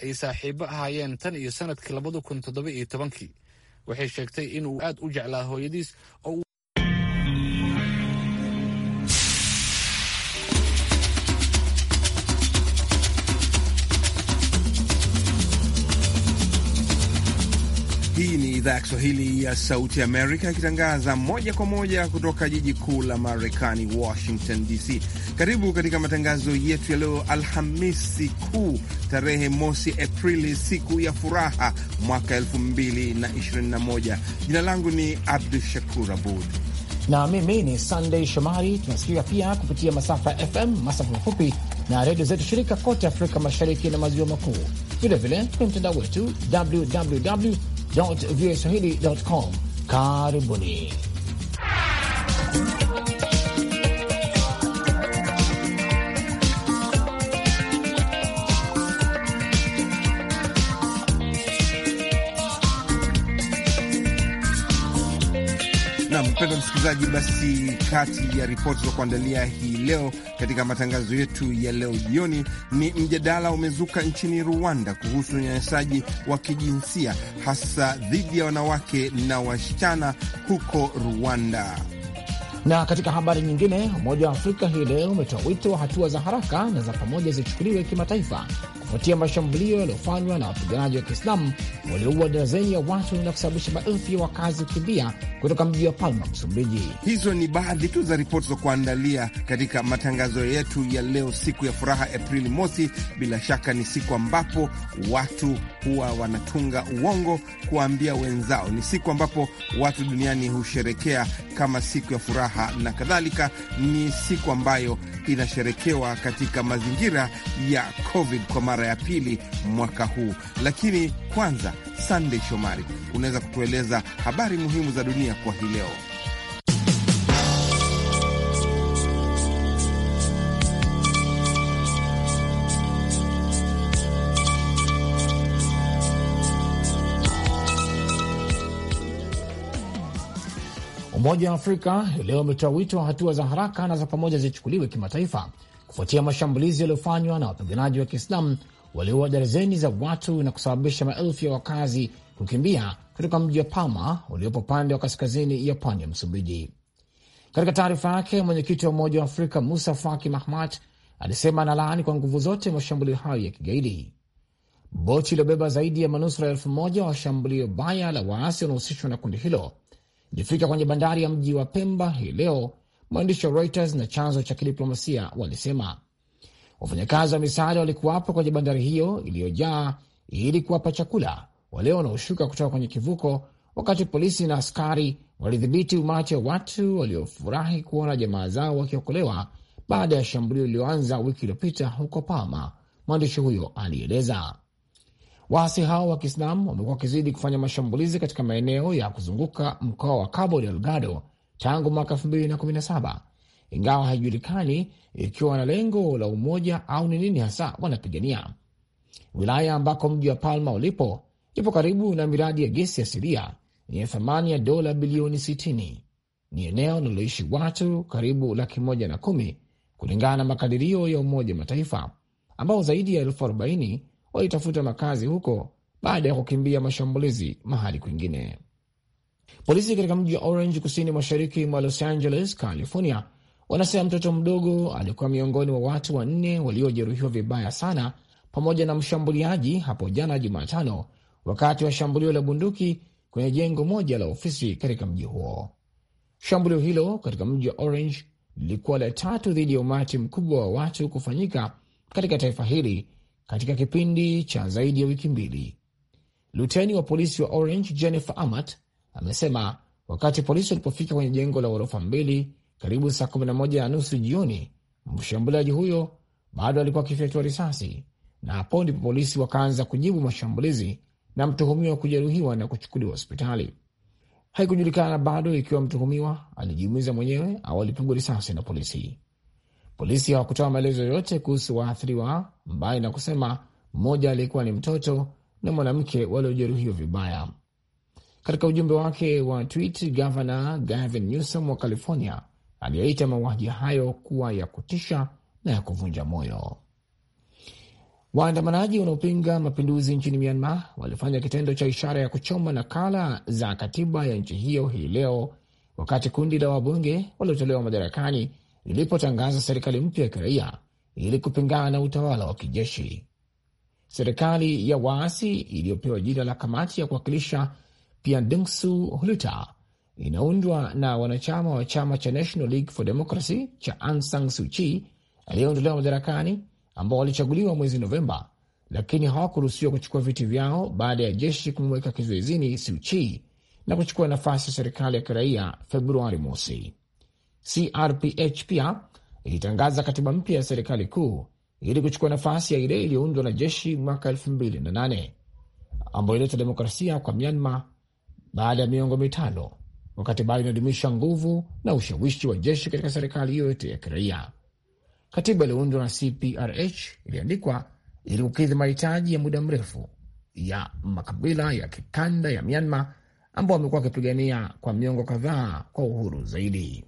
ay saaxiibo ahaayeen tan iyo sanadkii labada kun toddoba iyo tobankii waxay sheegtay inuu aad u jeclaa hooyadiis oo Hii ni idhaa ya Kiswahili ya Sauti Amerika ikitangaza moja kwa moja kutoka jiji kuu la Marekani, Washington DC. Karibu katika matangazo yetu ya leo Alhamisi Kuu, tarehe mosi Aprili, siku ya furaha mwaka 2021. Jina langu ni Abdu Shakur Abud na mimi ni Sandey Shomari. Tunasikika pia kupitia masafa ya FM, masafa mafupi na redio zetu shirika kote Afrika Mashariki na Maziwa Makuu, vilevile kwenye mtandao wetu www voaswahili com. Karibuni. Mpendwa msikilizaji, basi kati ya ripoti za kuandalia hii leo katika matangazo yetu ya leo jioni ni mjadala umezuka nchini Rwanda kuhusu unyanyasaji wa kijinsia hasa dhidi ya wanawake na wasichana huko Rwanda. Na katika habari nyingine, Umoja wa Afrika hii leo umetoa wito wa hatua za haraka na za pamoja zichukuliwe kimataifa kufuatia mashambulio yaliyofanywa na wapiganaji wa Kiislamu walioua darazeni ya watu na kusababisha maelfu ya wakazi kukimbia kutoka mji wa Palma, Msumbiji. Hizo ni baadhi tu za ripoti za kuandalia katika matangazo yetu ya leo, siku ya furaha, Aprili mosi. Bila shaka ni siku ambapo watu huwa wanatunga uongo kuwaambia wenzao, ni siku ambapo watu duniani husherekea kama siku ya furaha na kadhalika. Ni siku ambayo inasherekewa katika mazingira ya COVID kwa mara mara ya pili mwaka huu. Lakini kwanza, Sandey Shomari, unaweza kutueleza habari muhimu za dunia kwa hii leo? Umoja wa Afrika leo umetoa wito wa hatua za haraka na za pamoja zichukuliwe kimataifa kufuatia mashambulizi yaliyofanywa na wapiganaji wa Kiislamu waliua darzeni za watu na kusababisha maelfu ya wakazi kukimbia kutoka mji wa Palma uliopo pande wa kaskazini ya pwani ya Msumbiji. Katika taarifa yake, mwenyekiti wa Umoja wa Afrika Musa Faki Mahamat alisema analaani kwa nguvu zote mashambulio hayo ya kigaidi. Boti iliyobeba zaidi ya manusura elfu moja wa shambulio baya la waasi wanaohusishwa na kundi hilo ilifika kwenye bandari ya mji wa Pemba hii leo, mwandishi wa Reuters na chanzo cha kidiplomasia walisema. Wafanyakazi wa misaada walikuwapo kwenye bandari hiyo iliyojaa ili kuwapa chakula wale wanaoshuka kutoka kwenye kivuko, wakati polisi na askari walidhibiti umati wa watu waliofurahi kuona jamaa zao wakiokolewa baada ya shambulio lililoanza wiki iliyopita huko Palma. Mwandishi huyo alieleza waasi hao wa Kiislam wamekuwa wakizidi kufanya mashambulizi katika maeneo ya kuzunguka mkoa wa Cabo Delgado tangu mwaka 2017 ingawa haijulikani ikiwa na lengo la umoja au ni nini hasa wanapigania. Wilaya ambako mji wa Palma ulipo ipo karibu na miradi ya gesi asilia yenye thamani ya dola bilioni 60. Ni eneo linaloishi watu karibu laki moja na kumi kulingana na makadirio ya Umoja Mataifa, ambao zaidi ya elfu arobaini walitafuta makazi huko baada ya kukimbia mashambulizi mahali kwingine. Polisi katika mji wa Orange kusini mashariki mwa Los Angeles, California Wanasema mtoto mdogo alikuwa miongoni mwa watu wanne waliojeruhiwa vibaya sana pamoja na mshambuliaji hapo jana Jumatano wakati wa shambulio la bunduki kwenye jengo moja la ofisi katika mji huo. Shambulio hilo katika mji wa Orange lilikuwa la tatu dhidi ya umati mkubwa wa watu kufanyika katika taifa hili katika kipindi cha zaidi ya wiki mbili. Luteni wa polisi wa Orange Jennifer Amat amesema wakati polisi walipofika kwenye jengo la ghorofa mbili karibu saa 11 na nusu jioni, mshambuliaji huyo bado alikuwa akifyatua risasi, na hapo ndipo polisi wakaanza kujibu mashambulizi na mtuhumiwa kujeruhiwa na kuchukuliwa hospitali. Haikujulikana bado ikiwa mtuhumiwa alijiumiza mwenyewe au alipigwa risasi na polisi. Polisi hawakutoa maelezo yoyote kuhusu waathiriwa, mbali na kusema mmoja aliyekuwa ni mtoto na mwanamke waliojeruhiwa vibaya. Katika ujumbe wake wa tweet, gavana Gavin Newsom wa California aliyeita mauaji hayo kuwa ya kutisha na ya kuvunja moyo. Waandamanaji wanaopinga mapinduzi nchini Myanmar walifanya kitendo cha ishara ya kuchoma nakala za katiba ya nchi hiyo hii leo, wakati kundi la wabunge waliotolewa madarakani lilipotangaza serikali mpya ya kiraia ili kupingana na utawala wa kijeshi. Serikali ya waasi iliyopewa jina la Kamati ya Kuwakilisha Pyandungsu Hluta inaundwa na wanachama wa chama cha National League for Democracy cha Aung San Suu Kyi aliyeondolewa madarakani, ambao walichaguliwa mwezi Novemba, lakini hawakuruhusiwa kuchukua viti vyao baada ya jeshi kumweka kizuizini Suu Kyi na kuchukua nafasi ya serikali ya kiraia Februari mosi. CRPH pia ilitangaza katiba mpya ya serikali kuu ili kuchukua nafasi ya ile iliyoundwa na jeshi mwaka 2008 ambayo ilileta demokrasia kwa Myanmar baada ya miongo mitano wakati bado inadumisha nguvu na ushawishi wa jeshi katika serikali yoyote ya kiraia. Katiba iliyoundwa na CPRH iliandikwa ili kukidhi mahitaji ya muda mrefu ya makabila ya kikanda ya Myanmar ambao wamekuwa wakipigania kwa miongo kadhaa kwa uhuru zaidi.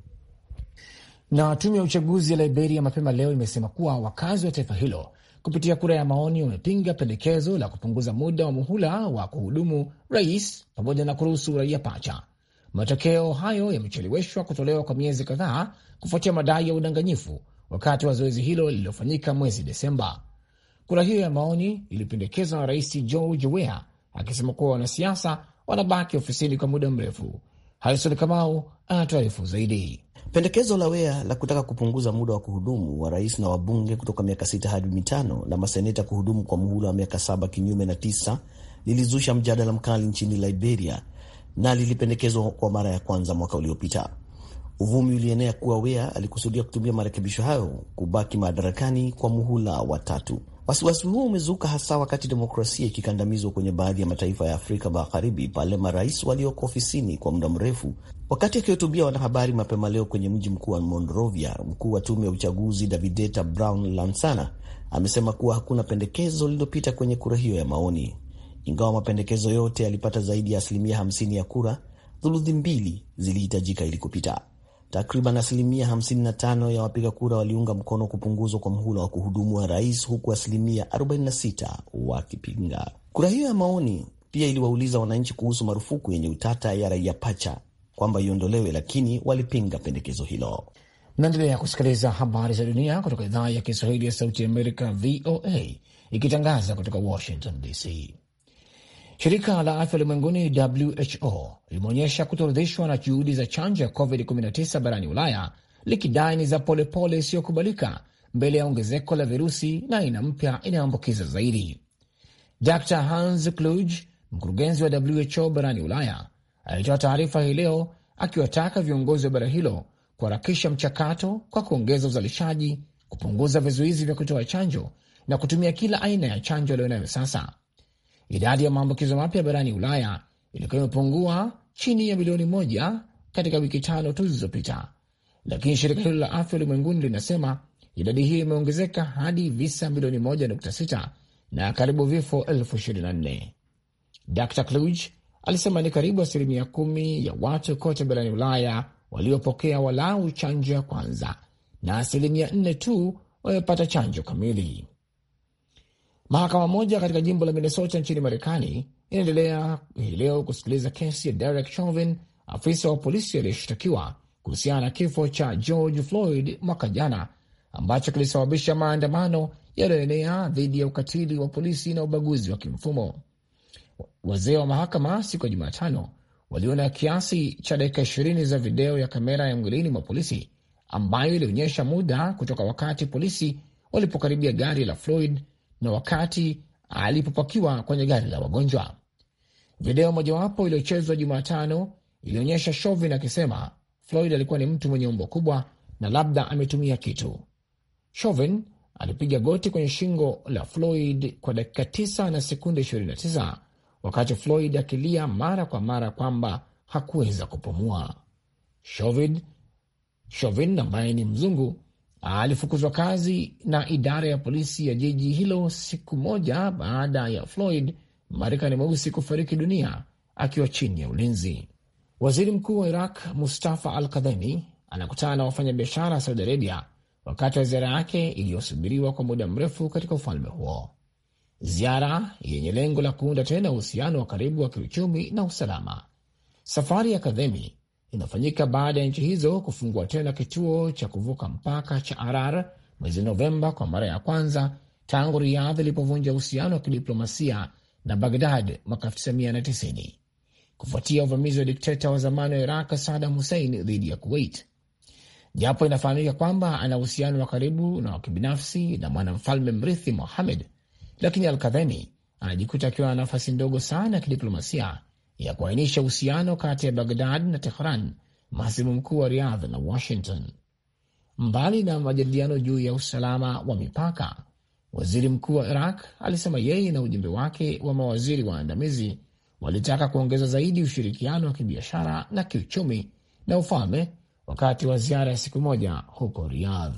Na tume ya uchaguzi ya Liberia mapema leo imesema kuwa wakazi wa taifa hilo kupitia kura ya maoni wamepinga pendekezo la kupunguza muda wa muhula wa kuhudumu rais pamoja na kuruhusu raia pacha. Matokeo hayo yamecheleweshwa kutolewa kwa miezi kadhaa kufuatia madai ya udanganyifu wakati wa zoezi hilo lililofanyika mwezi Desemba. Kura hiyo ya maoni ilipendekezwa na Rais George Weah akisema kuwa wanasiasa wanabaki ofisini kwa muda mrefu. Harison Kamau anatuarifu zaidi. Pendekezo la Wea la kutaka kupunguza muda wa kuhudumu wa rais na wabunge kutoka miaka sita hadi mitano na maseneta kuhudumu kwa muhula wa miaka saba kinyume na tisa lilizusha mjadala mkali nchini Liberia, na lilipendekezwa kwa mara ya kwanza mwaka uliopita. Uvumi ulienea kuwa Wea alikusudia kutumia marekebisho hayo kubaki madarakani kwa muhula wa tatu. Wasiwasi huo umezuka hasa wakati demokrasia ikikandamizwa kwenye baadhi ya mataifa ya Afrika Magharibi pale marais walioko ofisini kwa muda mrefu. Wakati akihutubia wanahabari mapema leo kwenye mji mkuu wa Monrovia, mkuu wa tume ya uchaguzi Davideta Brown Lansana amesema kuwa hakuna pendekezo lililopita kwenye kura hiyo ya maoni. Ingawa mapendekezo yote yalipata zaidi ya asilimia 50 ya kura, thuluthi mbili zilihitajika ili kupita. Takriban asilimia 55 ya wapiga kura waliunga mkono kupunguzwa kwa mhula wa kuhudumu wa rais, huku asilimia 46 wakipinga. Kura hiyo ya maoni pia iliwauliza wananchi kuhusu marufuku yenye utata ya raia pacha kwamba iondolewe, lakini walipinga pendekezo hilo. Naendelea kusikiliza habari za dunia kutoka idhaa ya Kiswahili ya Sauti ya Amerika, VOA, ikitangaza kutoka Washington DC. Shirika la afya ulimwenguni WHO limeonyesha kutoridhishwa na juhudi za chanjo ya COVID-19 barani Ulaya, likidai ni za polepole isiyokubalika mbele ya ongezeko la virusi na aina mpya inayoambukiza zaidi. Dr Hans Kluge, mkurugenzi wa WHO barani Ulaya, alitoa taarifa hii leo akiwataka viongozi wa bara hilo kuharakisha mchakato kwa kuongeza uzalishaji, kupunguza vizuizi vya kutoa chanjo na kutumia kila aina ya chanjo aliyonayo sasa idadi ya maambukizo mapya barani Ulaya ilikuwa imepungua chini ya milioni moja katika wiki tano tu zilizopita, lakini shirika hilo la afya ulimwenguni linasema idadi hiyo imeongezeka hadi visa milioni 1.6 na karibu vifo elfu 24. Dr Kluge alisema ni karibu asilimia kumi ya watu kote barani Ulaya waliopokea walau chanjo ya kwanza na asilimia nne tu wamepata chanjo kamili. Mahakama moja katika jimbo la Minnesota nchini Marekani inaendelea hii leo kusikiliza kesi ya Derek Chauvin, afisa wa polisi aliyeshtakiwa kuhusiana na kifo cha George Floyd mwaka jana ambacho kilisababisha maandamano yaliyoenea dhidi ya ukatili wa polisi na ubaguzi wa kimfumo. Wazee wa mahakama siku ya Jumatano waliona kiasi cha dakika ishirini za video ya kamera ya mwilini mwa polisi ambayo ilionyesha muda kutoka wakati polisi walipokaribia gari la Floyd na wakati alipopakiwa kwenye gari la wagonjwa. Video mojawapo iliyochezwa Jumatano ilionyesha Chauvin akisema Floyd alikuwa ni mtu mwenye umbo kubwa na labda ametumia kitu. Chauvin alipiga goti kwenye shingo la Floyd kwa dakika 9 na sekunde 29 wakati Floyd akilia mara kwa mara kwamba hakuweza kupumua. Chauvin ambaye ni mzungu alifukuzwa kazi na idara ya polisi ya jiji hilo siku moja baada ya Floyd Marekani mweusi kufariki dunia akiwa chini ya ulinzi. Waziri mkuu wa Iraq Mustafa Al Kadhemi anakutana na wafanyabiashara Saudi Arabia wakati wa ziara yake iliyosubiriwa kwa muda mrefu katika ufalme huo, ziara yenye lengo la kuunda tena uhusiano wa karibu wa kiuchumi na usalama. Safari ya Kadhemi inafanyika baada ya nchi hizo kufungua tena kituo cha kuvuka mpaka cha Arar mwezi Novemba kwa mara ya kwanza tangu Riadh ilipovunja uhusiano wa kidiplomasia na Bagdad mwaka 1990 kufuatia uvamizi wa dikteta wa zamani wa Iraq Saddam Hussein dhidi ya Kuwait. Japo inafahamika kwamba ana uhusiano wa karibu na wa kibinafsi na mwanamfalme mrithi mohamed lakini Alkadheni anajikuta akiwa na nafasi ndogo sana ya kidiplomasia ya kuainisha uhusiano kati ya Bagdad na Tehran, mhasimu mkuu wa riadh na Washington. Mbali na majadiliano juu ya usalama wa mipaka, waziri mkuu wa Iraq alisema yeye na ujumbe wake wa mawaziri waandamizi walitaka kuongeza zaidi ushirikiano wa kibiashara na kiuchumi na ufalme wakati wa ziara ya siku moja huko Riadh.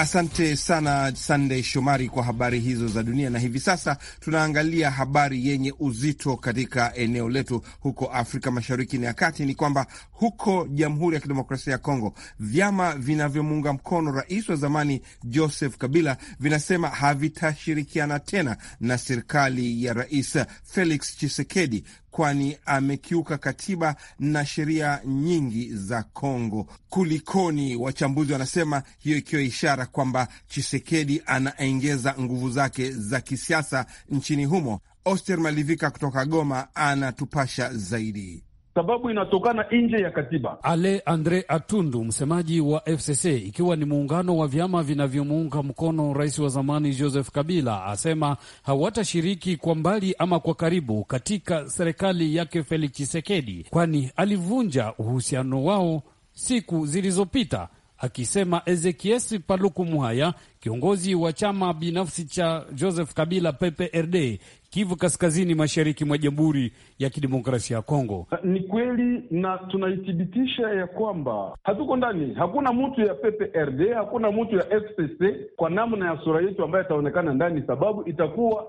Asante sana Sandey Shomari kwa habari hizo za dunia. Na hivi sasa tunaangalia habari yenye uzito katika eneo letu huko Afrika Mashariki na ya Kati, ni kwamba huko Jamhuri ya Kidemokrasia ya Kongo vyama vinavyomuunga mkono rais wa zamani Joseph Kabila vinasema havitashirikiana tena na serikali ya Rais Felix Tshisekedi kwani amekiuka katiba na sheria nyingi za Kongo. Kulikoni? Wachambuzi wanasema hiyo ikiwa ishara kwamba Chisekedi anaengeza nguvu zake za kisiasa nchini humo. Oster Malivika kutoka Goma anatupasha zaidi sababu inatokana nje ya katiba. Ale Andre Atundu, msemaji wa FCC, ikiwa ni muungano wa vyama vinavyomuunga mkono rais wa zamani Joseph Kabila, asema hawatashiriki kwa mbali ama kwa karibu katika serikali yake Felix chisekedi kwani alivunja uhusiano wao siku zilizopita, akisema Ezekiesi Paluku Muhaya, kiongozi wa chama binafsi cha Joseph Kabila PPRD, Kivu Kaskazini, mashariki mwa Jamhuri ya Kidemokrasia ya Kongo. Ni kweli na tunaithibitisha ya kwamba hatuko ndani, hakuna mtu ya PPRD, hakuna mtu ya FCC kwa namna ya sura yetu ambaye ataonekana ndani, sababu itakuwa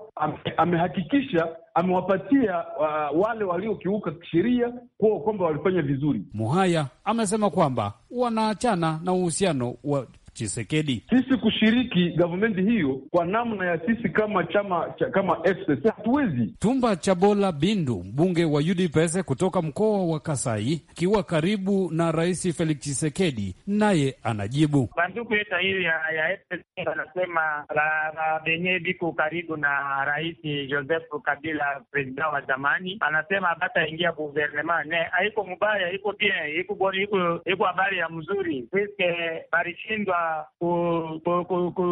amehakikisha amewapatia uh, wale waliokiuka sheria kuwa kwamba walifanya vizuri. Muhaya amesema kwamba wanaachana na uhusiano wa Chisekedi. Sisi kushiriki gavumenti hiyo kwa namna ya sisi kama chama cha, kama FCC hatuwezi. Tumba Chabola Bindu, mbunge wa UDPS kutoka mkoa wa Kasai, akiwa karibu na Rais Felix Chisekedi, naye anajibu banduku yeta hiyo ya, ya FCC anasema benye viko karibu na Rais Joseph Kabila, president wa zamani, anasema abataingia guvernema ne aiko mubaya, iko bien, iko habari ya mzuri, barishindwa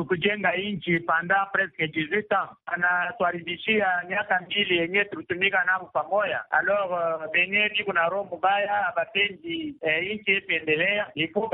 kujenga nchi panda presque 18 ans miaka mbili yenye tulitumika nao pamoya. alor uh, benye viko na roho mubaya abapendi eh, nchi ipendelea iko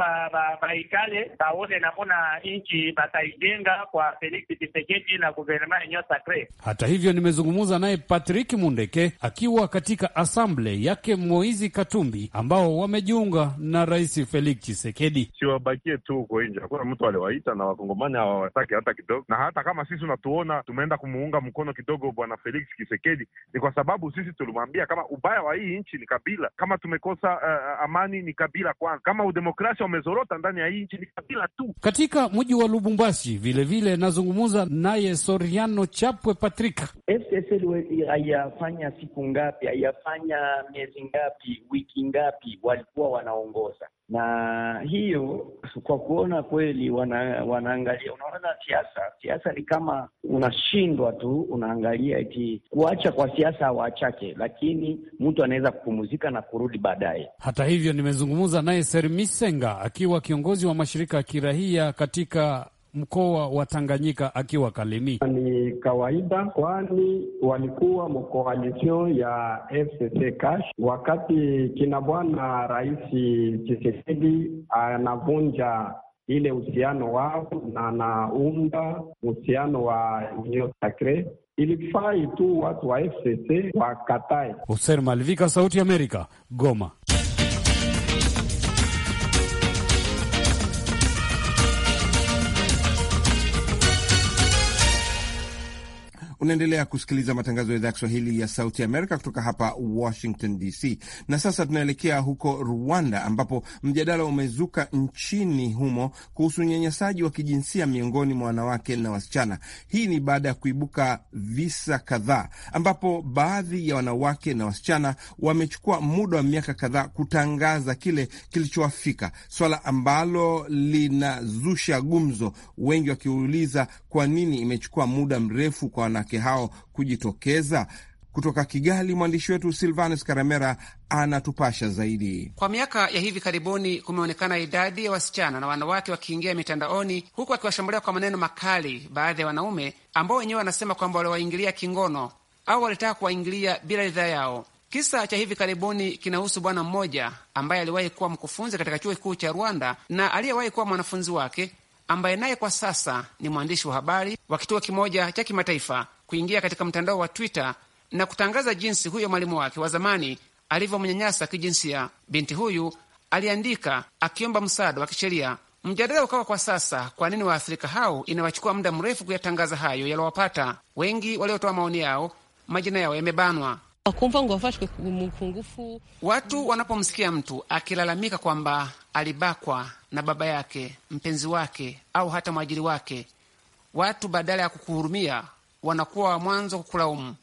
baikale baone namona nchi bataijenga kwa Felix Tshisekedi na guvernema yenyewe sacre. Hata hivyo nimezungumza naye Patrick Mundeke akiwa katika asamble yake Moizi Katumbi ambao wamejiunga na Rais Felix Tshisekedi. Siwabakie tu huko nje hakuna mtu aliwaita na wakongomani hawawataki hata kidogo. Na hata kama sisi unatuona tumeenda kumuunga mkono kidogo bwana Felix kisekedi ni kwa sababu sisi tulimwambia kama ubaya wa hii nchi ni Kabila, kama tumekosa uh, amani ni Kabila kwanza, kama udemokrasia umezorota ndani ya hii nchi ni Kabila tu. Katika mji wa Lubumbashi vilevile nazungumza naye Soriano Chapwe Patrick. haiyafanya siku ngapi, haiyafanya miezi ngapi, wiki ngapi walikuwa wanaongoza na hiyo kwa kuona kweli wana, wanaangalia unaona, siasa siasa ni kama unashindwa tu, unaangalia eti kuacha kwa siasa wachache, lakini mtu anaweza kupumzika na kurudi baadaye. Hata hivyo, nimezungumza naye Sermisenga akiwa kiongozi wa mashirika ya kirahia katika mkoa wa Tanganyika akiwa Kalemi. Ni kawaida, kwani walikuwa mkoalisio ya FCC Cash wakati kina bwana Rais Chisekedi anavunja ile uhusiano wao na anaunda uhusiano wa Union Sacre ilifai tu watu wa FCC wakatae. Hoser Malivika, Sauti ya Amerika, Goma. Unaendelea kusikiliza matangazo ya idhaa ya Kiswahili ya Sauti Amerika kutoka hapa Washington DC. Na sasa tunaelekea huko Rwanda, ambapo mjadala umezuka nchini humo kuhusu unyanyasaji wa kijinsia miongoni mwa wanawake na wasichana. Hii ni baada ya kuibuka visa kadhaa, ambapo baadhi ya wanawake na wasichana wamechukua muda wa miaka kadhaa kutangaza kile kilichowafika, swala ambalo linazusha gumzo, wengi wakiuliza kwa nini imechukua muda mrefu kwa wana wanawake hao kujitokeza? Kutoka Kigali, mwandishi wetu Silvanus Karamera anatupasha zaidi. Kwa miaka ya hivi karibuni kumeonekana idadi ya wasichana na wanawake wakiingia mitandaoni, huku wakiwashambulia kwa maneno makali baadhi ya wanaume ambao wenyewe wanasema kwamba waliwaingilia kingono au walitaka kuwaingilia bila ridhaa yao. Kisa cha hivi karibuni kinahusu bwana mmoja ambaye aliwahi kuwa mkufunzi katika chuo kikuu cha Rwanda na aliyewahi kuwa mwanafunzi wake ambaye naye kwa sasa ni mwandishi wa habari wa kituo kimoja cha kimataifa kuingia katika mtandao wa Twitter na kutangaza jinsi huyo mwalimu wake wa zamani alivyomnyanyasa kijinsia binti huyu, aliandika akiomba msaada wa kisheria. Mjadala ukawa kwa sasa, kwa nini waafrika hao inawachukua muda mrefu kuyatangaza hayo yalowapata? Wengi waliotoa maoni yao, majina yao yamebanwa. Watu wanapomsikia mtu akilalamika kwamba alibakwa na baba yake, mpenzi wake, au hata mwajiri wake, watu badala ya kukuhurumia wanakuwa wa mwanzo kukulaumu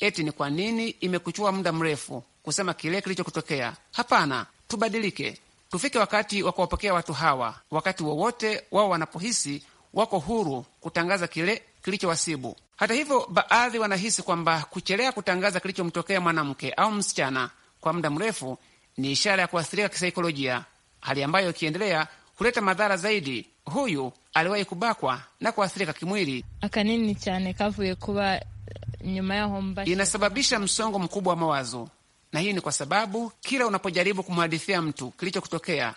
eti ni kwa nini imekuchukua muda mrefu kusema kile kilichokutokea. Hapana, tubadilike, tufike wakati wa kuwapokea watu hawa wakati wowote wao wanapohisi wako huru kutangaza kile kilichowasibu. Hata hivyo, baadhi wanahisi kwamba kuchelea kutangaza kilichomtokea mwanamke au msichana kwa muda mrefu ni ishara ya kuathirika kisaikolojia, hali ambayo ikiendelea kuleta madhara zaidi huyu aliwahi kubakwa na kuathirika kimwili. akanini kavuye kuba nyuma yaho inasababisha msongo mkubwa wa mawazo, na hii ni kwa sababu kila unapojaribu kumhadithia mtu kilichokutokea,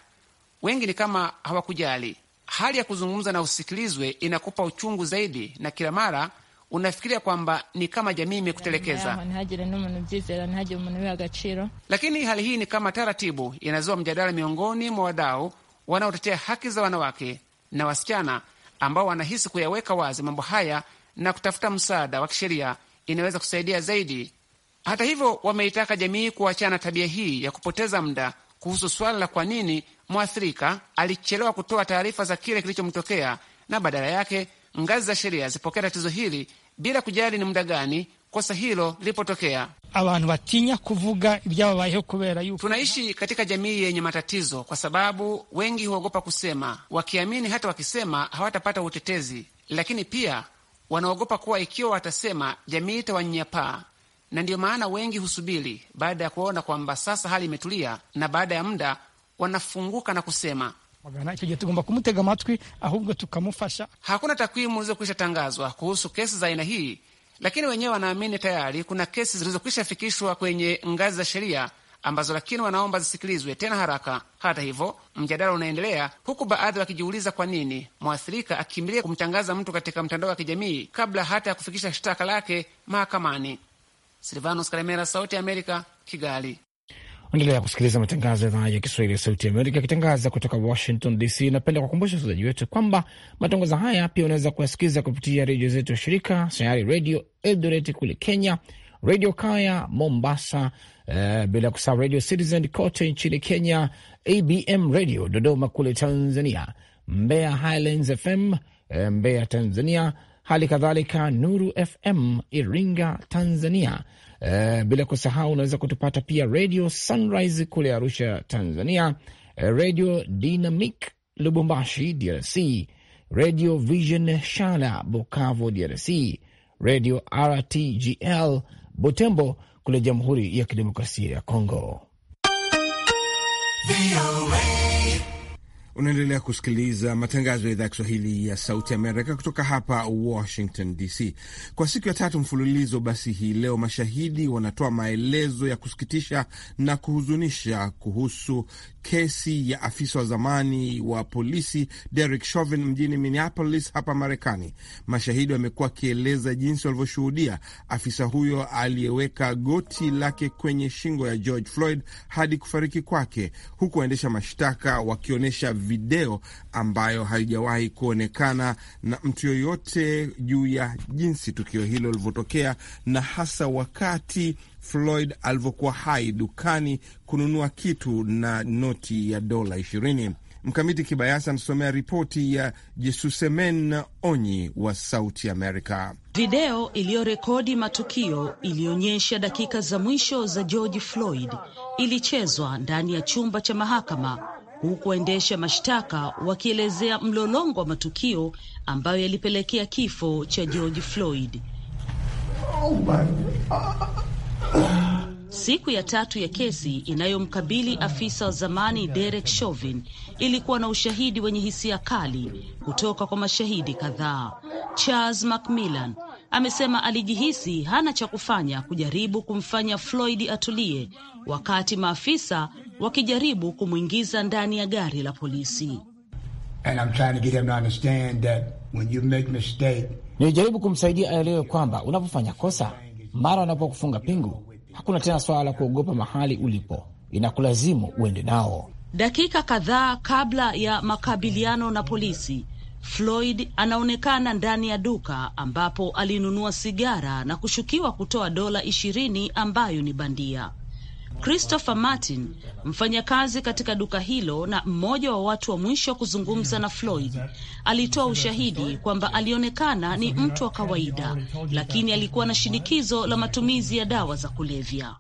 wengi ni kama hawakujali. Hali ya kuzungumza na usikilizwe inakupa uchungu zaidi, na kila mara unafikiria kwamba ni kama jamii imekutelekeza. Lakini hali hii ni kama taratibu inazua mjadala miongoni mwa wadau wanaotetea haki za wanawake na wasichana ambao wanahisi kuyaweka wazi mambo haya na kutafuta msaada wa kisheria inaweza kusaidia zaidi. Hata hivyo, wameitaka jamii kuachana tabia hii ya kupoteza muda kuhusu swala la kwa nini mwathirika alichelewa kutoa taarifa za kile kilichomtokea, na badala yake ngazi za sheria zipokea tatizo hili bila kujali ni muda gani kosa hilo lilipotokea. abantu batinya kuvuga ibyababayeho kubera yuko tunaishi katika jamii yenye matatizo, kwa sababu wengi huogopa kusema, wakiamini hata wakisema hawatapata utetezi, lakini pia wanaogopa kuwa ikiwa watasema jamii itawanyanyapaa, na ndiyo maana wengi husubiri baada ya kuona kwamba sasa hali imetulia, na baada ya muda wanafunguka na kusema. Hakuna takwimu zilizokwisha tangazwa kuhusu kesi za aina hii lakini wenyewe wanaamini tayari kuna kesi zilizokwisha fikishwa kwenye ngazi za sheria ambazo lakini wanaomba zisikilizwe tena haraka. Hata hivyo, mjadala unaendelea huku baadhi wakijiuliza kwa nini mwathirika akimbilia kumtangaza mtu katika mtandao wa kijamii kabla hata ya kufikisha shtaka lake mahakamani. Kalemera, Sauti ya Amerika, Kigali. Endelea kusikiliza matangazo ya idhaa ya Kiswahili ya Sauti Amerika yakitangaza kutoka Washington DC. Napenda kukumbusha wasikilizaji wetu kwamba matangazo haya pia unaweza kuyasikiliza kupitia redio zetu ya shirika Sayari Redio Eldoret kule Kenya, Redio Kaya Mombasa, uh, bila kusahau Radio Citizen kote nchini Kenya, ABM Radio Dodoma kule Tanzania, Mbeya Highlands FM eh, Mbeya Tanzania, hali kadhalika Nuru FM Iringa, Tanzania. E, bila kusahau unaweza kutupata pia Radio Sunrise kule Arusha, Tanzania, e, Radio Dynamic Lubumbashi, DRC, Radio Vision Shala Bukavu, DRC, Radio RTGL Butembo kule Jamhuri ya Kidemokrasia ya Kongo. Unaendelea kusikiliza matangazo ya idhaa ya Kiswahili ya Sauti Amerika kutoka hapa Washington DC. Kwa siku ya tatu mfululizo basi, hii leo mashahidi wanatoa maelezo ya kusikitisha na kuhuzunisha kuhusu kesi ya afisa wa zamani wa polisi Derek Chauvin mjini Minneapolis hapa Marekani. Mashahidi wamekuwa wakieleza jinsi walivyoshuhudia afisa huyo aliyeweka goti lake kwenye shingo ya George Floyd hadi kufariki kwake, huku waendesha mashtaka wakionyesha video ambayo haijawahi kuonekana na mtu yoyote juu ya jinsi tukio hilo lilivyotokea na hasa wakati Floyd alivyokuwa hai dukani kununua kitu na noti ya dola ishirini. Mkamiti Kibayasi anasomea ripoti ya Jesusemen Onyi wa Sauti Amerika. Video iliyorekodi matukio ilionyesha dakika za mwisho za George Floyd, ilichezwa ndani ya chumba cha mahakama huku waendesha mashtaka wakielezea mlolongo wa matukio ambayo yalipelekea kifo cha George Floyd. Siku ya tatu ya kesi inayomkabili afisa wa zamani Derek Chauvin ilikuwa na ushahidi wenye hisia kali kutoka kwa mashahidi kadhaa. Charles McMillan amesema alijihisi hana cha kufanya kujaribu kumfanya Floyd atulie wakati maafisa wakijaribu kumwingiza ndani ya gari la polisi. Nilijaribu kumsaidia aelewe kwamba unapofanya kosa, mara wanapokufunga pingu, hakuna tena swala la kuogopa mahali ulipo, inakulazimu uende nao. Dakika kadhaa kabla ya makabiliano na polisi Floyd anaonekana ndani ya duka ambapo alinunua sigara na kushukiwa kutoa dola ishirini ambayo ni bandia. Christopher Martin, mfanyakazi katika duka hilo na mmoja wa watu wa mwisho kuzungumza na Floyd, alitoa ushahidi kwamba alionekana ni mtu wa kawaida, lakini alikuwa na shinikizo la matumizi ya dawa za kulevya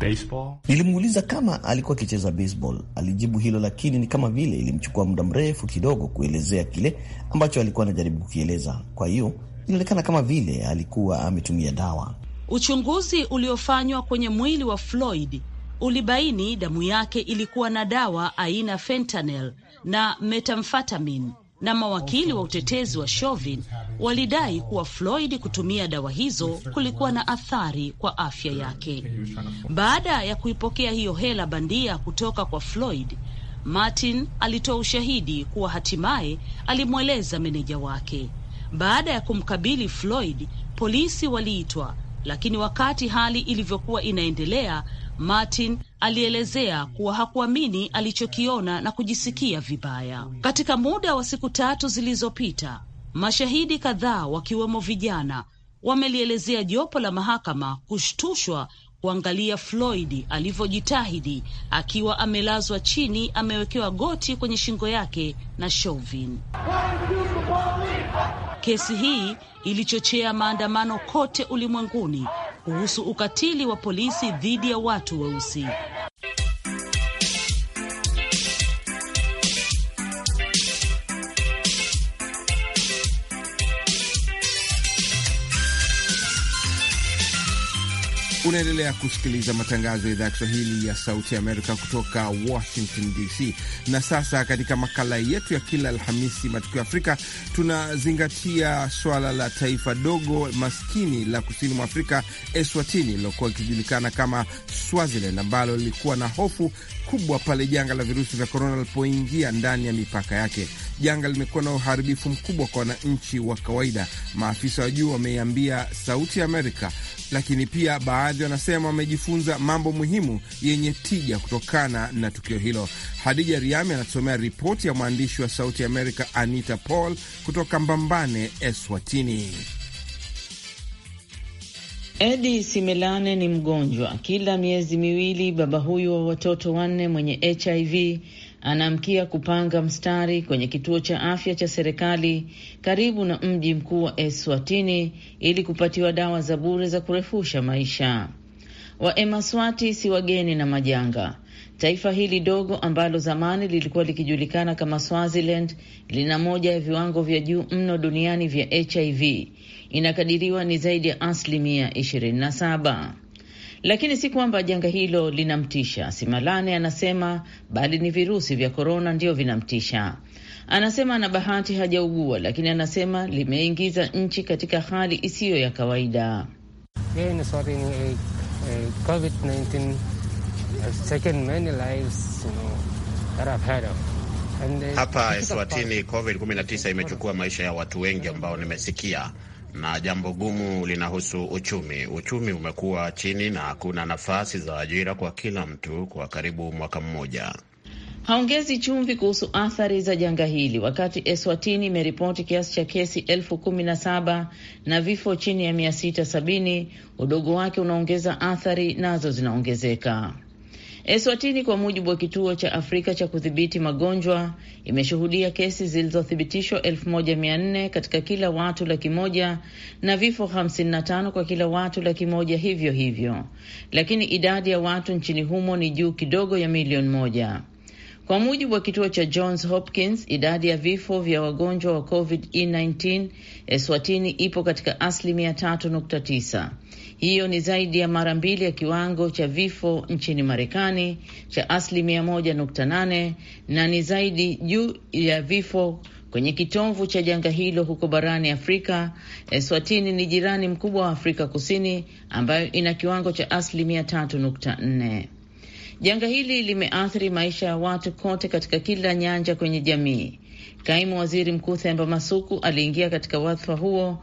baseball? Nilimuuliza kama alikuwa akicheza baseball. Alijibu hilo, lakini ni kama vile ilimchukua muda mrefu kidogo kuelezea kile ambacho alikuwa anajaribu kukieleza. Kwa hiyo inaonekana kama vile alikuwa ametumia dawa. Uchunguzi uliofanywa kwenye mwili wa Floyd ulibaini damu yake ilikuwa na dawa aina fentanyl na metamfetamin na mawakili wa utetezi wa Chauvin walidai kuwa Floyd kutumia dawa hizo kulikuwa na athari kwa afya yake. Baada ya kuipokea hiyo hela bandia kutoka kwa Floyd, Martin alitoa ushahidi kuwa hatimaye alimweleza meneja wake. Baada ya kumkabili Floyd, polisi waliitwa, lakini wakati hali ilivyokuwa inaendelea Martin alielezea kuwa hakuamini alichokiona na kujisikia vibaya. Katika muda wa siku tatu zilizopita, mashahidi kadhaa wakiwemo vijana wamelielezea jopo la mahakama kushtushwa kuangalia Floyd alivyojitahidi akiwa amelazwa chini, amewekewa goti kwenye shingo yake na Chauvin. Kesi hii ilichochea maandamano kote ulimwenguni kuhusu ukatili wa polisi dhidi ya watu weusi. Unaendelea kusikiliza matangazo ya idhaa ya Kiswahili ya Sauti ya Amerika kutoka Washington DC. Na sasa katika makala yetu ya kila Alhamisi, Matukio ya Afrika, tunazingatia swala la taifa dogo maskini la kusini mwa Afrika, Eswatini, lilokuwa likijulikana kama Swaziland, ambalo lilikuwa na hofu kubwa pale janga la virusi vya korona lilipoingia ndani ya mipaka yake. Janga limekuwa na uharibifu mkubwa kwa wananchi wa kawaida, maafisa wa juu wameiambia Sauti ya Amerika lakini pia baadhi wanasema wamejifunza mambo muhimu yenye tija kutokana na tukio hilo. Hadija Riami anatusomea ripoti ya mwandishi wa Sauti Amerika Anita Paul kutoka Mbambane, Eswatini. Edi Simelane ni mgonjwa. Kila miezi miwili baba huyu wa watoto wanne mwenye HIV anaamkia kupanga mstari kwenye kituo cha afya cha serikali karibu na mji mkuu wa Eswatini ili kupatiwa dawa za bure za kurefusha maisha. Waemaswati si wageni na majanga. Taifa hili dogo ambalo zamani lilikuwa likijulikana kama Swaziland lina moja ya viwango vya juu mno duniani vya HIV. Inakadiriwa ni zaidi ya asilimia 27 lakini si kwamba janga hilo linamtisha. Simalane anasema bali ni virusi vya korona ndio vinamtisha. Anasema ana bahati hajaugua, lakini anasema limeingiza nchi katika hali isiyo ya kawaida. hapa Eswatini, COVID-19 imechukua maisha ya watu wengi ambao nimesikia na jambo gumu linahusu uchumi. Uchumi umekuwa chini na hakuna nafasi za ajira kwa kila mtu kwa karibu mwaka mmoja. Haongezi chumvi kuhusu athari za janga hili, wakati Eswatini imeripoti kiasi cha kesi elfu kumi na saba na vifo chini ya mia sita sabini udogo wake unaongeza athari nazo zinaongezeka. E, Eswatini, kwa mujibu wa kituo cha Afrika cha kudhibiti magonjwa, imeshuhudia kesi zilizothibitishwa 1400 katika kila watu laki moja na vifo 55 kwa kila watu laki moja hivyo hivyo, lakini idadi ya watu nchini humo ni juu kidogo ya milioni moja. Kwa mujibu wa kituo cha Johns Hopkins, idadi ya vifo vya wagonjwa wa COVID-19 Eswatini ipo katika asilimia 3.9 hiyo ni zaidi ya mara mbili ya kiwango cha vifo nchini Marekani cha asilimia 1.8 na ni zaidi juu ya vifo kwenye kitovu cha janga hilo huko barani Afrika. E, Eswatini ni jirani mkubwa wa Afrika Kusini ambayo ina kiwango cha asilimia 3.4. Janga hili limeathiri maisha ya watu kote katika kila nyanja kwenye jamii. Kaimu waziri mkuu Themba Masuku aliingia katika wadhifa huo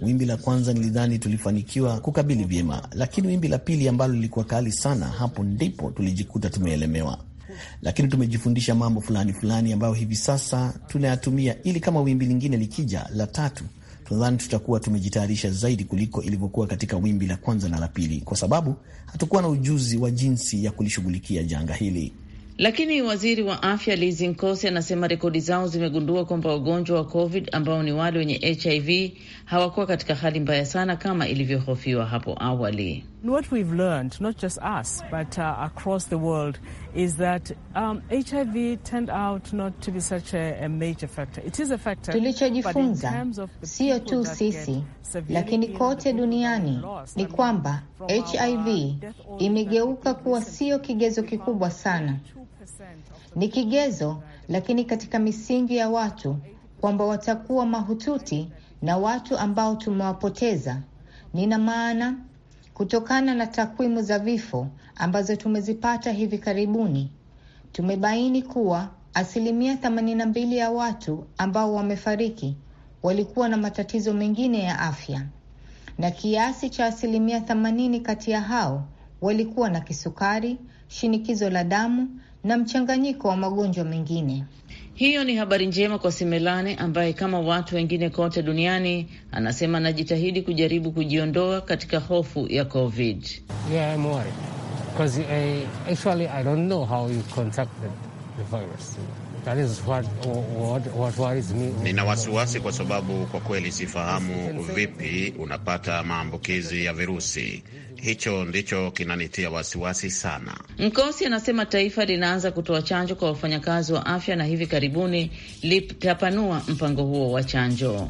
Wimbi la kwanza nilidhani tulifanikiwa kukabili vyema, lakini wimbi la pili ambalo lilikuwa kali sana, hapo ndipo tulijikuta tumeelemewa. Lakini tumejifundisha mambo fulani fulani ambayo hivi sasa tunayatumia ili kama wimbi lingine likija la tatu tunadhani tutakuwa tumejitayarisha zaidi kuliko ilivyokuwa katika wimbi la kwanza na la pili, kwa sababu hatukuwa na ujuzi wa jinsi ya kulishughulikia janga hili. Lakini waziri wa afya Lizi Nkosi anasema rekodi zao zimegundua kwamba wagonjwa wa COVID ambao ni wale wenye HIV hawakuwa katika hali mbaya sana kama ilivyohofiwa hapo awali. What we've learned, not just us, but, uh, across the world is that, um, HIV turned out not to be such a, a major factor. It is a factor. Tulichojifunza siyo tu sisi lakini kote duniani ni kwamba HIV uh, imegeuka kuwa siyo kigezo kikubwa sana ni kigezo, lakini katika misingi ya watu kwamba watakuwa mahututi na watu ambao tumewapoteza. Nina maana kutokana na takwimu za vifo ambazo tumezipata hivi karibuni, tumebaini kuwa asilimia 82 ya watu ambao wamefariki walikuwa na matatizo mengine ya afya na kiasi cha asilimia 80 kati ya hao walikuwa na kisukari, shinikizo la damu na mchanganyiko wa magonjwa mengine. Hiyo ni habari njema kwa Simelane ambaye kama watu wengine kote duniani anasema anajitahidi kujaribu kujiondoa katika hofu ya COVID. Yeah, I'm nina wasiwasi kwa sababu kwa kweli sifahamu vipi unapata maambukizi ya virusi. Hicho ndicho kinanitia wasiwasi sana. Mkosi anasema taifa linaanza kutoa chanjo kwa wafanyakazi wa afya na hivi karibuni litapanua mpango huo wa chanjo.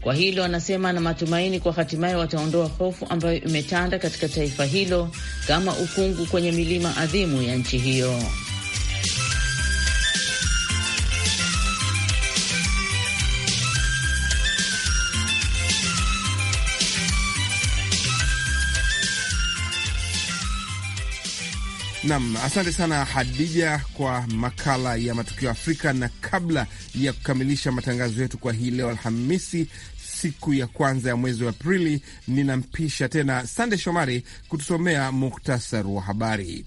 Kwa hilo anasema na matumaini kwa hatimaye wataondoa hofu ambayo imetanda katika taifa hilo kama ukungu kwenye milima adhimu ya nchi hiyo. Nam, asante sana Hadija kwa makala ya matukio Afrika. Na kabla ya kukamilisha matangazo yetu kwa hii leo Alhamisi, siku ya kwanza ya mwezi wa Aprili, ninampisha tena Sande Shomari kutusomea muktasar wa habari.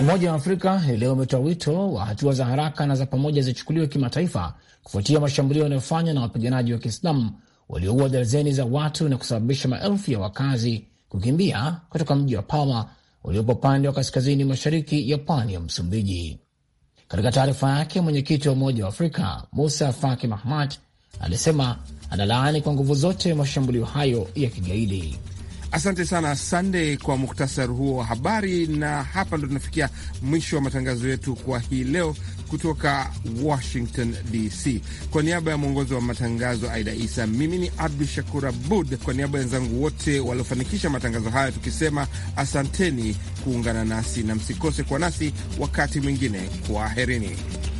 Umoja wa Afrika hii leo umetoa wito wa hatua za haraka na za pamoja zichukuliwe kimataifa kufuatia mashambulio yanayofanywa na wapiganaji wa Kiislamu walioua darzeni za watu na kusababisha maelfu ya wakazi kukimbia kutoka mji wa Palma uliopo upande wa kaskazini mashariki ya pwani ya Msumbiji. Katika taarifa yake, mwenyekiti wa Umoja wa Afrika Musa Faki Mahamat alisema analaani kwa nguvu zote mashambulio hayo ya kigaidi. Asante sana Sandey kwa muktasari huo wa habari, na hapa ndo tunafikia mwisho wa matangazo yetu kwa hii leo kutoka Washington DC. Kwa niaba ya mwongozi wa matangazo Aida Isa, mimi ni Abdu Shakur Abud, kwa niaba ya wenzangu wote waliofanikisha matangazo haya, tukisema asanteni kuungana nasi na msikose kwa nasi wakati mwingine. Kwaherini.